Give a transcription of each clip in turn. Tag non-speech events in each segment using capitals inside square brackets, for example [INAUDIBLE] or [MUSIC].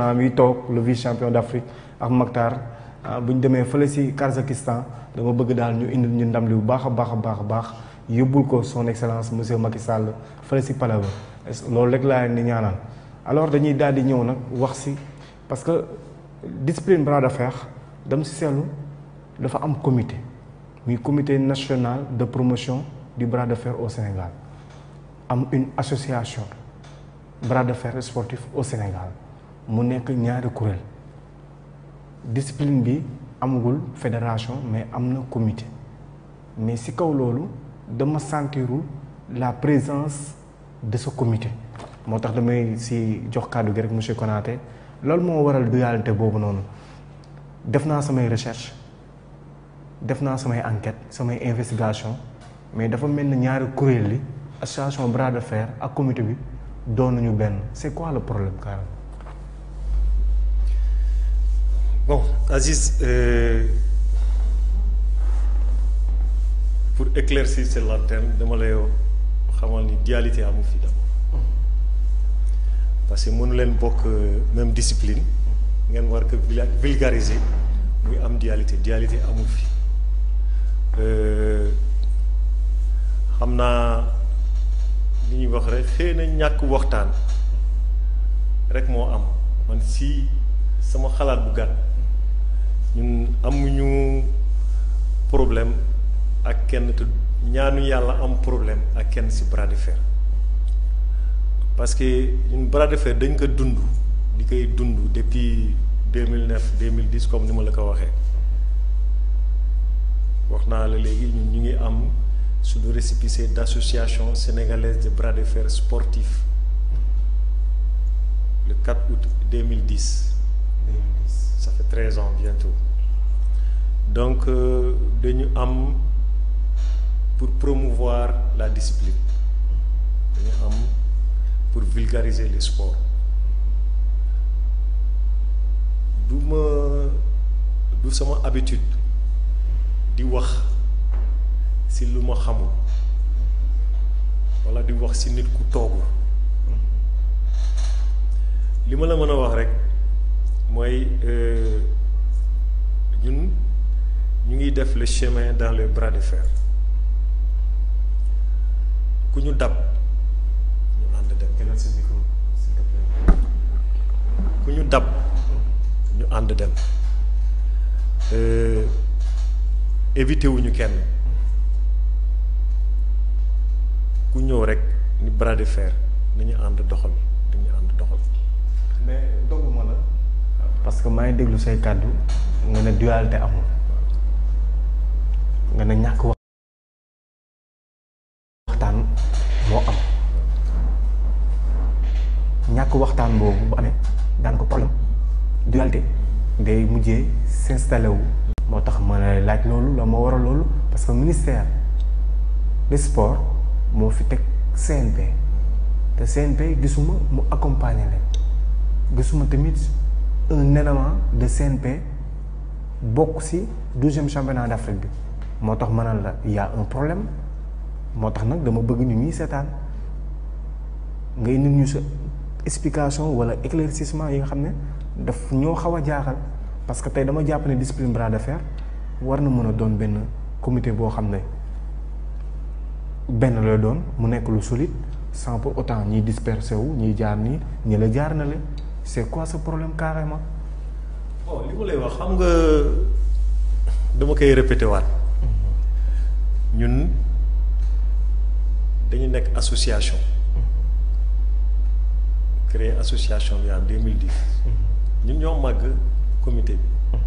a yi toog le vice champion d'Afrique, Afrique ak Maktar ah, bu ñu fële Kazakhstan dama bëgg daal ñu indil ñu ndam li bu baax a baax baax ko son excellence monsieur Macky Sall fële si palais ba loolu rek ñaanal alors dañuy daal di ñëw nag wax parce que discipline bras de fer dem si seetlu dafa am comité un comité national de promotion du bras de fer au Sénégal am une association bras de fer sportif au Sénégal mu de ñaari La discipline bi amagul fédération mais a comité mais si kaw ne dama la présence de ce comité motax damay si jox rek monsieur Konaté waral dualité recherche defna enquête samay investigation mais dafa des association bras de fer ak comité bi c'est quoi le problème Bon, Aziz, euh, pour éclaircir ce lanterne, dama lay xamal ni dualité amu fi d'abord parce que mënu leen bokk euh, même discipline ngeen war que vulgariser nous am dialité, dialité amufi. fi euh, xam naa li ñuy wax rek xëy na ñàkk rek mo am man si sama xalaat bu ñun amuñu problème ak kenn te ñaanu yàlla am problème ak kenn ci bras de fer parce que ñun bras de fer dañ ko dund di koy dund depuis deux mille neuf deux mille dix comme ni ma la ko waxee wax naa la léegi ñun ñu ngi am su suñu récépissé d'association sénégalaise de bras de fer sportif le 4 août 2010 ça fait 13 ans bientôt donc nous euh, am pour promouvoir la discipline nous am pour vulgariser les sports D'où ma sama habitude di wax si lu ma xamul walla di wax si nit ku sais li ma la je wax nous euh, ñun ñu le chemin dans le bras de fer Nous nous dab ñu nous dem ku le dab ñu dem euh, éviter wuñu kenn ku le ni bras de fer le ànd doxal le de doxal mais parce que may déglu say cadeau nga ne dualité amu nga ne ñak waxtan mo am ñak waxtan boobu bu amé daan ko problème dualité day mujjé s'installer wu motax ma lay laaj lolu la mo waral lolu parce que ministère des sports mo fi tek CNP te CNP gisuma mu accompagner leen gisuma tamit un élément de CNP bokk ci douzième championnat d'Afrique bi moo tax ma y a un problème moo nak nag dama bëgg ñu ñi sétane. Ngay indi ñu explication wala éclaircissement yi nga xamné daf ñoo xawa a jaaxal parce que tay dama japp né discipline bras de fer war na mëna a doon benn comité bo xamné ben benn la doon mu nekk lu solide sans pour autant ñi disperser wu ñiy jaar ni ñi la jaar na le c'est quoi ce problème carrément. bon li voulez je wax xam nga dama koy répété waat ñun dañu nek association. créé association en 2010. ñun ñoo un comité bi.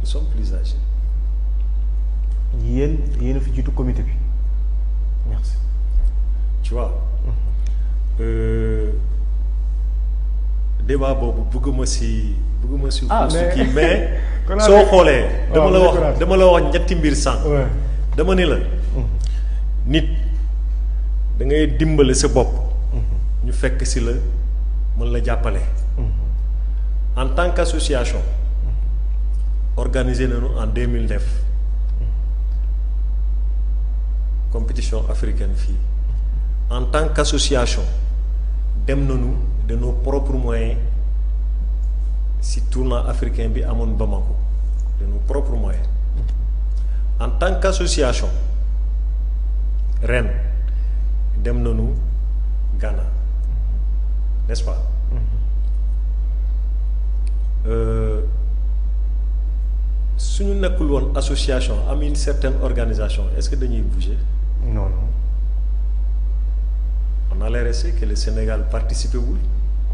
nous sommes plus âgés. yéen yéen fi comité merci. tu vois. Mhm. Euh, débat bëgguma si bëgguma si. Ah, mais mais [LAUGHS] soo xoolee. Ah, dama la wax dama la mm-hmm. nit da ngay mm-hmm. ñu fekk la mm-hmm. en tant qu'association. organisé en 2009... compétition africaine en tant qu'association dem nañu de nos propres moyens si tournant africain bi mon Bamako de nos propres moyens en tant qu'association ren dem nañu Ghana n'est-ce pas euh, suñu avons une association am une certaine organisation est-ce que dañuy bouger non non leer est que le Sénégal participe wul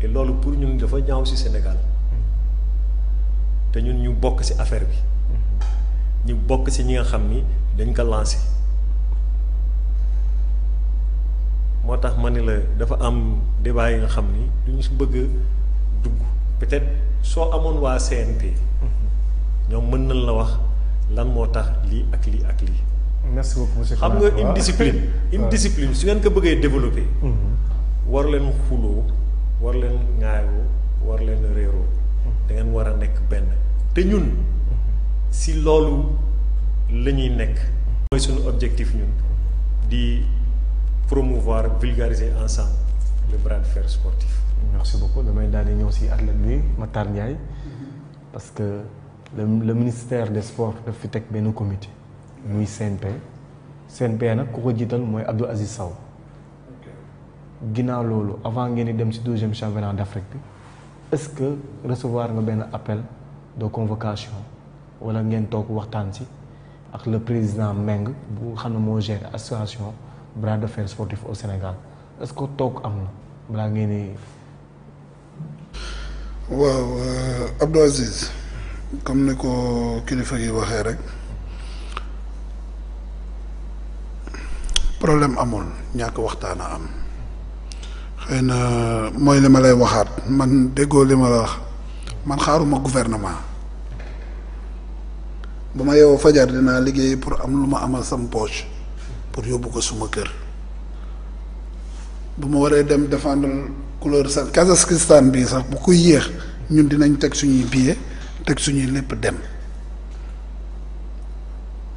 et loolu pour ñun dafa ñaaw si Sénégal te ñun ñu bokk si affaire bi ñu bok si ñi nga xam ni dañ ko lancé moo tax dafa am débat yi nga xam ni du bëgg dugg peut-être soo amoon wa CNP akli mën la wax lan li ak ak merci beaucoup monsieur xam nga une discipline une [LAUGHS] discipline su ngeen ko bëggee développer mhm. war leen xulo war leen ngaayo war leen réero mhm. da ngeen war a nekk benn te ñun mhm. si loolu la ñuy nekk mooy suñu objectif ñun di promouvoir vulgariser ensemble le bras de fer sportif merci beaucoup damay daal di ñëw si athlète bi Matar Ndiaye parce que le, le ministère des sports daf fi teg benn comité muy CNP CNP nag ku ko jiital mooy Abdou Aziz saw ginnaaw loolu avant ngeen di dem ci deuxième championnat d'Afrique bi est-ce que recevoir nga benn appel de convocation wala ngeen toog waxtaan si ak le président Meng bu xam ne moo gère association bras de fer sportif au Sénégal est-ce que toog am na balaa ngeen di. waaw Abdou Aziz comme ni ko kilifa gi waxee rek. problème amul ñàkk waxtaan a am xëy na mooy li ma lay waxaat man déggoo li ma la man xaaruma gouvernement bu ma yeewoo fajar dinaa liggéey pour am lu ma amal sam poche pour yóbbu ko suma kër bu ma waree dem défendre couleur sa Kazakhstan bii sax bu ko yéex ñun dinañ teg suñuy billet teg suñuy lépp dem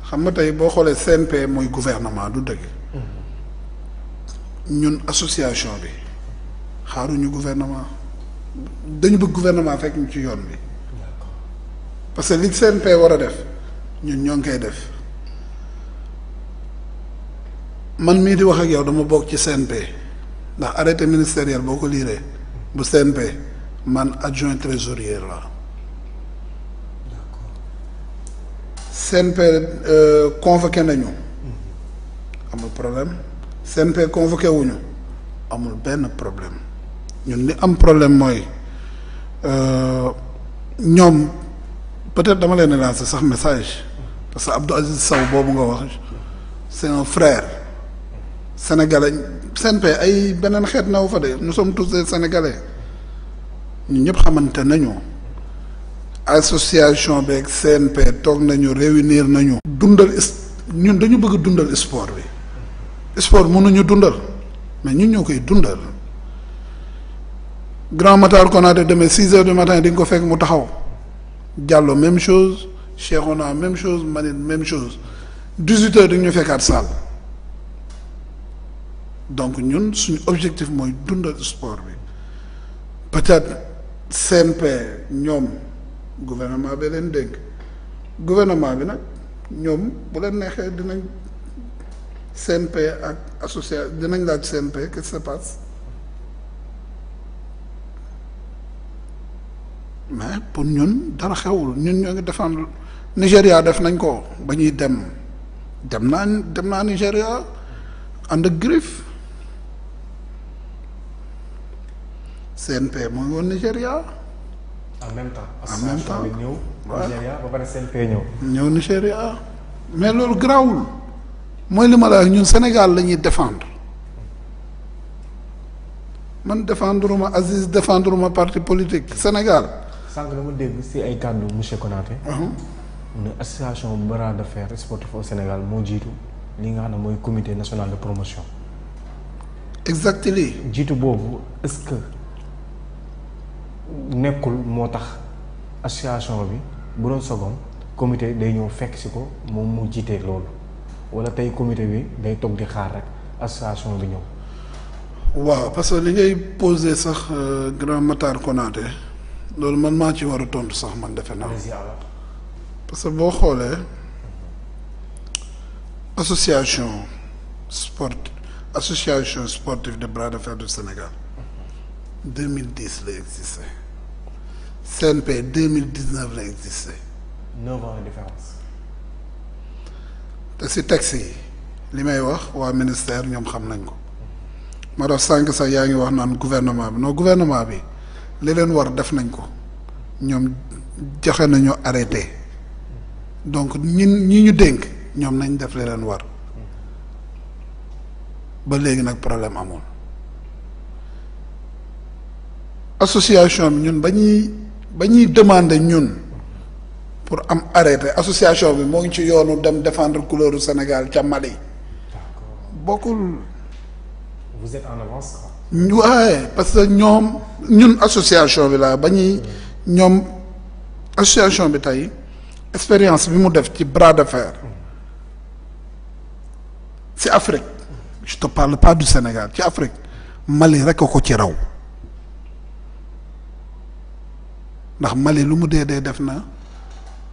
xam nga tey boo xoolee CNP mooy gouvernement du dëgg ñun association bi xaaruñu gouvernement dañu bëgg gouvernement fekk ñu ci yoon bi parce que li CNP war a def ñun ñoo ngi koy def man mii di wax ak yow dama bokk ci CNP ndax arrêté ministériel boo ko liiree bu CNP man adjoint trésorier la CNP euh, convoqué nañu a problème CNP convoqué wuñu amul benn problème ñun li am problème mooy euh, ñoom peut-être dama leen lancer sax message parce que Abdou Aziz Sow boobu nga wax c'est un frère sénégalais CNP ay beneen xeet naw fa de nous sommes tous des sénégalais ñun ñëpp xamante nañu association beeg CNP toog nañu réunir nañu. dundal ñun dañu bëgg dundal sport bi. sport mënuñu dundal mais ñu ñoo koy dundal Grand Matar de demee six heures du matin di nga ko fekk mu taxaw Diallo même chose Cheikhouna même chose Manit même chose dix-huit heures di ñu fekkaat salle donc ñun suñu objectif mooy dundal sport bi peut-être CNP ñoom gouvernement bi leen dégg gouvernement bi nag ñoom bu leen neexee dinañ CNP ak association dinañ laaj CNP qu'est-ce qui passe mais pour ñun dara xewul ñun ñoo ngi défendre Nigéria def nañ ko ba ñuy dem dem naa dem naa Nigéria ànd ak griffe CNP woon Nigéria. en même temps en même temps ñëw. ñëw. ñëw mais loolu garaawul. mooy li ma la wax ñun Sénégal la ñuy défendre man défendre ma Aziz défendre ma parti politique Sénégal. sànq dama dégg si ay kàddu monsieur Konaté. mu ne association bras de fer sportif au Sénégal moo jiitu li nga xam ne mooy comité national de promotion. exactement. jiitu boobu est-ce que nekkul moo tax association bi bu doon sogoon comité day ñëw fekk si ko moom mu jiitee loolu. wala tey comité bi day toog di xaar rek association bi ñëw. waaw parce que li ngay posé sax euh, grand Matar Konaté loolu man maa ci war a tontu sax man defe naa. parce que boo xoolee association sport association sportive de bras de fer du Sénégal 2010 la existé CNP 2019 la existé. 9 ans de différence. te si texte yi li may wax waa ministère ñoom xam nañ ko ma def sànq sax yaa ngi wax naan gouvernement bi non gouvernement bi li leen war def nañ ko ñoom joxe nañu arrêté donc ñin ñi ñu dénk ñoom nañ def li leen war ba léegi nag problème amul association bi ñun ba ñuy ba ñuy demander ñun pour am arrêté association bi mo ngi ci yoonu dem défendre couleur Sénégal ca Mali. bokkul. vous êtes en avance quoi. parce que ñom ñun association bi la bañi hmm. ñom association bi tay expérience bi mu def ci bras de fer. Hmm. ci Afrique je te parle pas du Sénégal ci Afrique Mali rek ko ci raw ndax Mali lu mu dee dee def na.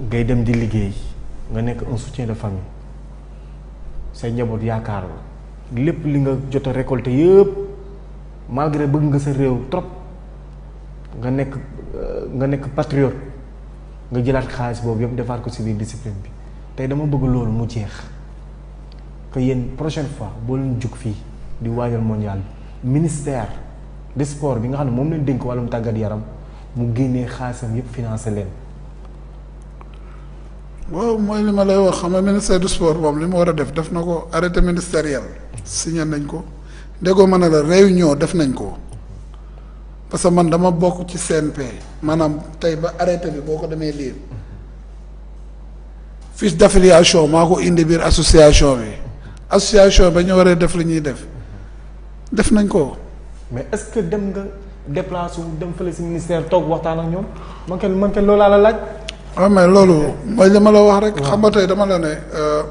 ngay dem di liggéey nga nekk un soutien de famille say njabot yaakaar la lépp li nga jot a yépp malgré bëgg nga sa réew trop nga nekk euh, nga nekk patriote nga jëlaat xaalis boobu yëpp defaat ko si biir discipline bi tey dama bëgg loolu mu jeex que yéen prochaine fois boo leen jug fii di waajal mondial ministère de sport bi nga xam ne moom leen dénk wàllum tàggat yaram mu génnee xaalisam yëpp financer leen waaw mooy li ma lay wax xam ne ministère du sport moom li mu war a def def na ko arrêté ministériel signé nañ ko déggoo mën ne la réunion def nañ ko parce que man dama bokk ci CNP maanaam tey ba arrêté bi boo ko demee lire fiche d'affiliation maa ko indi biir association bi association ba ñu waree def li ñuy def def nañ ko. mais est-ce que dem nga déplacé wu dem fële si ministère toog waxtaan ak ñoom man kenn man kenn loolaa la laaj. waaw ah, loolu mm-hmm. mooy dama la wax rek. Mm-hmm. xam nga tey dama la ne euh,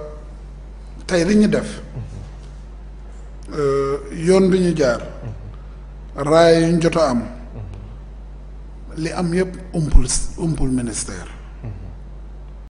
tey li ñu def mm-hmm. euh, yoon bi ñu jaar raaya yu ñu jot am li am yëpp umpul umpul ministère.